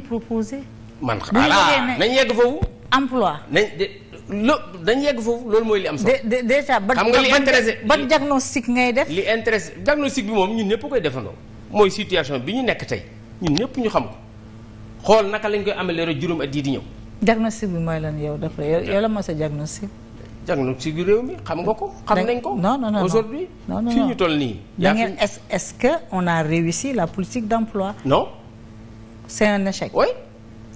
proposé. man xanaa nañ loolu mooy li am solo. de déjà ban xam li intéressé ban diagnostic ngay def. li intéressé diagnostic bi moom ñun ñëpp bi ñu nekk tey ñun ñu xam ko xool naka lañ koy améliorer juróom at yii di ñëw. diagnostic bi mooy lan yow dafa yow la mooy sa diagnostic. nga ko. xam nañ ko non non non aujourd'hui fii ñu toll nii. yaa est-ce on a réussi la politique d'emploi. non. c'est un échec. oui.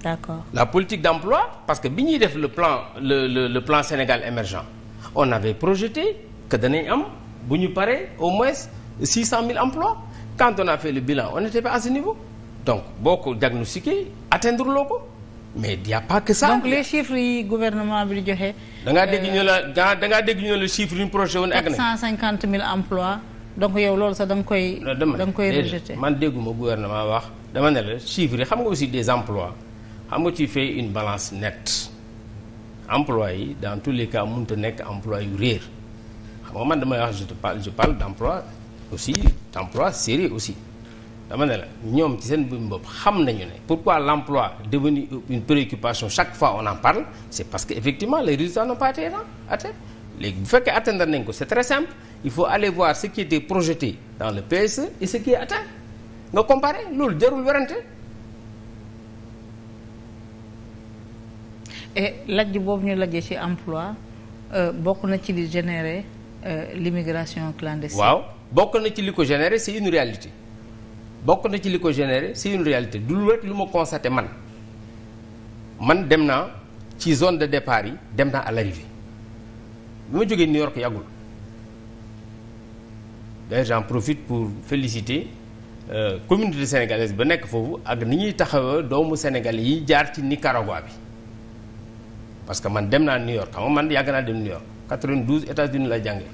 d'accord la politique d'emploi parce que bi ñuy def le plan le le le plan Sénégal émergent on avait projeté que danay am bu ñu paree au moins six cent mille emplois quand on a fait le bilan on n'était pas à ce niveau donc boo ko diagnostiqué atteindre loo ko mais il y a pas que ça. donc les chiffres yi gouvernement bi di joxe. da ngaa dégg euh, ñu la da ngaa dégg ñu ne le chiffre yu ñu projeté woon. ak nañ 450 donc yow loolu sax da koy. da nga koy rejeté man dégguma gouvernement wax dama ne la chiffres xam nga aussi des emplois xam nga tu fais une balance net emploi yi dans tous les cas mënut a nekk emploi yu réer xam nga man damay wax je te parle je parle d' emploi aussi d' sérieux aussi dama ne la ñoom ci seen bopp xam nañu ne. pourquoi l' emploi devenu une préoccupation chaque fois on en parle parce que effectivement les résultats n'ont pas été léegi bu fekkee atteindre nañ ko c'est très simple il faut aller voir ce qui était projeté dans le PSE et ce qui nga comparer loolu jarul werante et lajj boobu ñu lajjee ci emploi euh, bokk na ci li générer euh, l'immigration clandestine. waaw bokk na ci li ko générer c'est une réalité bokk na ci li ko générer c'est une réalité du rek lu ma constaté man man dem naa ci zone de départ yi dem naa à l'arrivée bi ma jógee New York yàggul d'ailleurs j'en profit pour féliciter euh, communauté sénégalaise ba nekk foofu ak ni ñuy taxawee doomu sénégal yi jaar ci Nicaragua bi parce que man dem naa New York xam nga man yàgg naa dem New York 92 États-Unis la jànge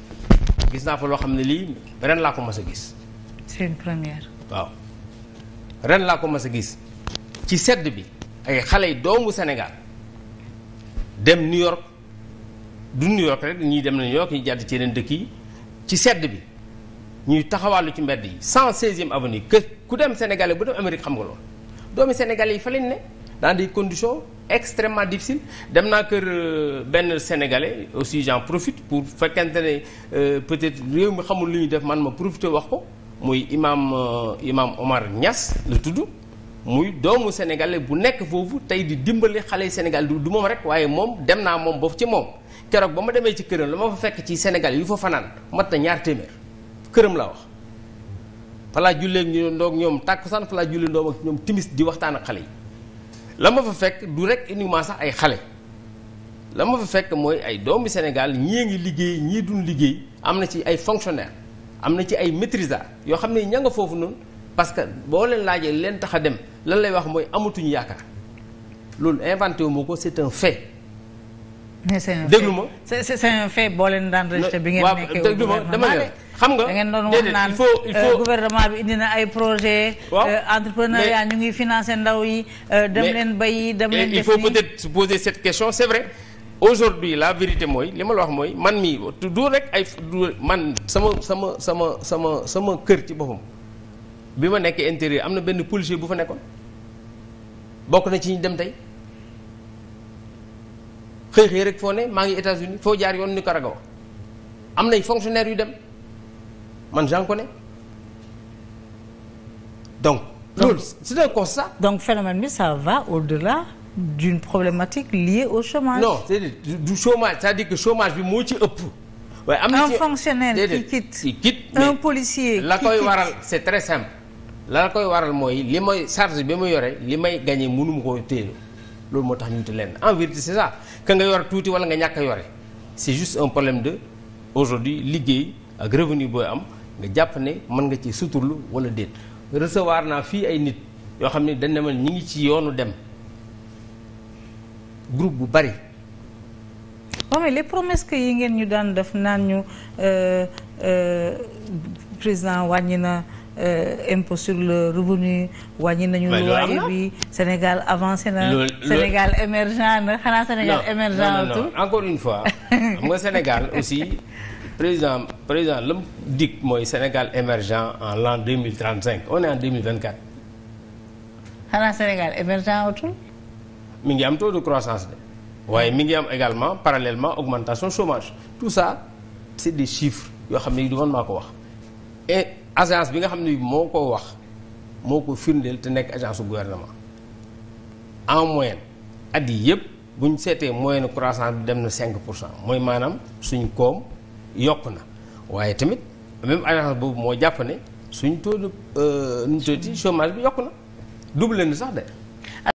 gis naa fa loo xam ne lii ren laa ko mas a gis. c'est première. waaw ren laa ko mas a gis ci sedd bi ay xale yi doomu Sénégal dem New York. du New York rek ñuy dem na New York ñu jàdd ci yeneen dëkk yi ci sedd bi ñuy taxawaalu ci mbedd yi 116e avenue kër ku dem Sénégalais bu dem Amérique xam nga loolu doomi Sénégalais yi fa ne dans des condition extremement difficiles dem naa kër euh, benn Sénégalais aussi j'en profite pour fekkente ne euh, peut-être réew mi xamul lu ñuy def man ma profité wax ko muy imam euh, imam Omar ñas lu tudd muy doomu Sénégalais bu nekk foofu tey di dimbali xale Sénégal du moom rek waaye moom dem naa moom boofu ci moom keroog ba ma demee ci këram la ma fa fekk ci Sénégal yu fa fanaan mat na ñaar téeméer këram laa wax falaa jullee ñu ndoog ñoom tàkkusaan falaa jullee ndoom ak ñoom timis di waxtaan ak xale yi la ma fa fekk du rek uniquement sax ay xale la ma fa fekk mooy ay doomi Sénégal ñii ngi liggéey ñii duñ liggéey am na ci ay fonctionnaire am na ci ay maîtrisards yoo xam ne ña nga foofu noonu parce que boo leen laajee leen tax a dem lan lay wax mooy amatuñu yaakaar loolu inventé wu ma ko c'est un déglu ma c'est un fait boo leen daan rejeté bi ngeen nekkee déglu ma dama xam nga da ngeen doon wax naan euh, gouvernement bi indi na ay projet euh, entrepreneuriat ñu ngi financé ndaw yi euh, dem leen bayi dem leen il faut peut-être se poser cette question c'est vrai aujourd'hui la vérité mooy li ma la wax mooy man mii du rek ay du man sama sama sama sama sama kër ci boppam bi ma nekkee intérieur am na benn policier bu fa nekkoon bokk na ci ñu dem tey xëy xëy rek foo ne maa ngi États-Unis foo jaar yoon Nicaragua am nay fonctionnaires yu dem man j'en ne donc. loolu c'est un constat. donc phénomène bi ça va au-delà d'une problématique liée au chômage. non cest à du chômage c'est-à-dire que chômage bi moo ci ëpp. waaye am na un fonctionnaire qui quitte qui quitte un policier la koy waral c'est très simple. la koy waral mooy li may charge bi ma yore li may gagner mënuma ko téye. loolu moo tax ñu wuti lenn en vérité c'est ça que nga yor tuuti wala nga ñàkk a yore c'est juste un problème de aujourd'hui liggéey ak revenu booy am nga jàpp ne mën nga ci suturlu wala déet recevoir naa fii ay nit yoo xam ne dañ ne ma ñi ngi ci yoonu dem groupe bu bari waaw mais les promesses que yi ngeen ñu daan def naan ñu euh, euh, président wàññi na Euh, impost sur le revenu wàññi nañu loyer bi Sénégal avancé na Sénégal émergent na xanaa Sénégal émergent tout encore une fois xam nga Sénégal aussi la mu mooy Sénégal émergent en l'an 2035 on est en 2024 xanaa Sénégal émergent atul mi ngi am taux de croissance de waaye mi ngi am également parallèlement augmentation chômage tout ça c'est des chiffres yoo xam ne du man maa ko wax agence bi nga xam ne moo ko wax moo ko firndeel te nekk agence su gouvernement en moyenne at yi yëpp bu ñu seetee moyenne croissance bi dem na cinq pour cent mooy maanaam suñ koom yokk na waaye tamit même agence boobu moo jàpp ne suñ taux de euh, nu mu chômage bi yokk na doublé na sax de.